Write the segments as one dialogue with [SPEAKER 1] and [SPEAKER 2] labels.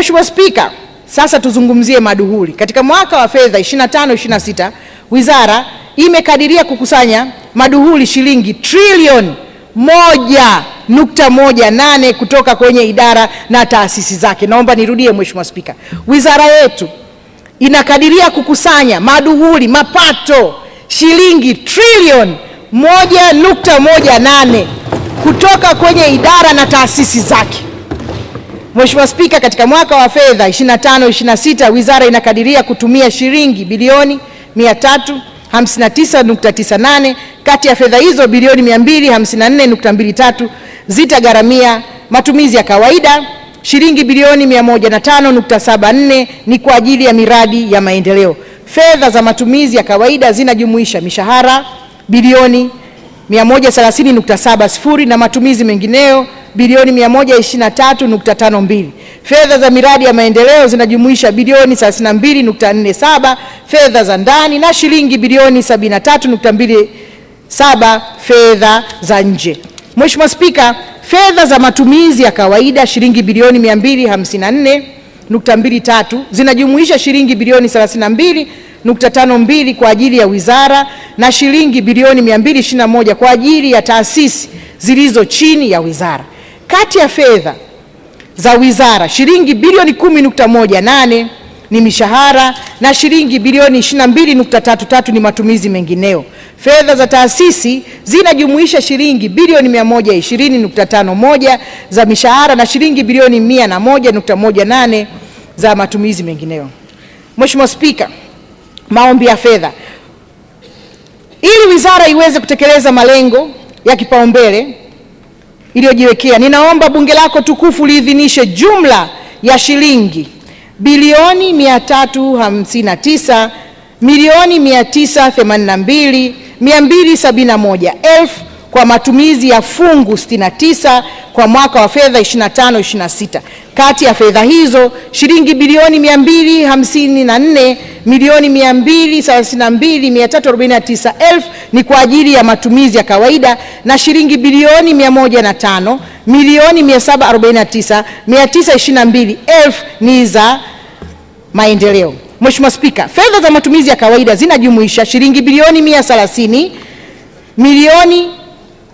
[SPEAKER 1] Mheshimiwa Spika, sasa tuzungumzie maduhuli. Katika mwaka wa fedha 25 26 wizara imekadiria kukusanya maduhuli shilingi trilioni nane kutoka kwenye idara na taasisi zake. Naomba nirudie, Mheshimiwa Spika, wizara yetu inakadiria kukusanya maduhuli mapato shilingi trilioni nane kutoka kwenye idara na taasisi zake. Mheshimiwa Spika, katika mwaka wa fedha 25 26 wizara inakadiria kutumia shilingi bilioni 359.98. Kati ya fedha hizo bilioni 254.23 zitagharamia matumizi ya kawaida, shilingi bilioni 105.74 ni kwa ajili ya miradi ya maendeleo. Fedha za matumizi ya kawaida zinajumuisha mishahara bilioni 130.70 na matumizi mengineo bilioni 123.52. Fedha za miradi ya maendeleo zinajumuisha bilioni 32.47 fedha za ndani na shilingi bilioni 73.27 fedha za nje. Mheshimiwa Spika, fedha za matumizi ya kawaida shilingi bilioni 254.23 zinajumuisha shilingi bilioni 32 2.52 kwa ajili ya wizara na shilingi bilioni 221 kwa ajili ya taasisi zilizo chini ya wizara. Kati ya fedha za wizara, shilingi bilioni 10.18 ni mishahara na shilingi bilioni 22.33 ni matumizi mengineo Fedha za taasisi zinajumuisha shilingi bilioni 120.51 za mishahara na shilingi bilioni 101.18 za matumizi mengineo Mheshimiwa Spika, maombi ya fedha. Ili wizara iweze kutekeleza malengo ya kipaumbele iliyojiwekea, ninaomba bunge lako tukufu liidhinishe jumla ya shilingi bilioni 359 milioni 982 271 elfu kwa matumizi ya fungu 69 kwa mwaka wa fedha 25 26. Kati ya fedha hizo shilingi bilioni 254 milioni elfu ni kwa ajili ya matumizi ya kawaida na shilingi bilioni 105 milioni elfu ni za maendeleo. Mheshimiwa Spika, fedha za matumizi ya kawaida zinajumuisha shilingi bilioni 130 milioni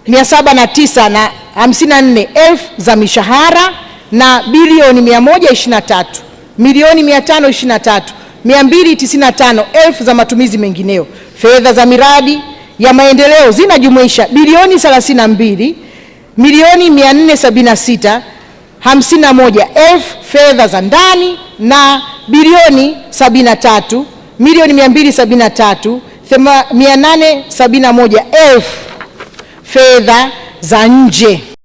[SPEAKER 1] mia saba na tisa na hamsini na nne elfu za mishahara na bilioni mia moja ishirini na tatu milioni mia tano ishirini na tatu mia mbili tisini na tano elfu za matumizi mengineo Fedha za miradi ya maendeleo zinajumuisha bilioni thelathini na mbili milioni mia nne sabini na sita hamsini na moja elfu fedha za ndani na bilioni sabini na tatu milioni mia mbili sabini na tatu mia nane sabini na moja elfu fedha za nje.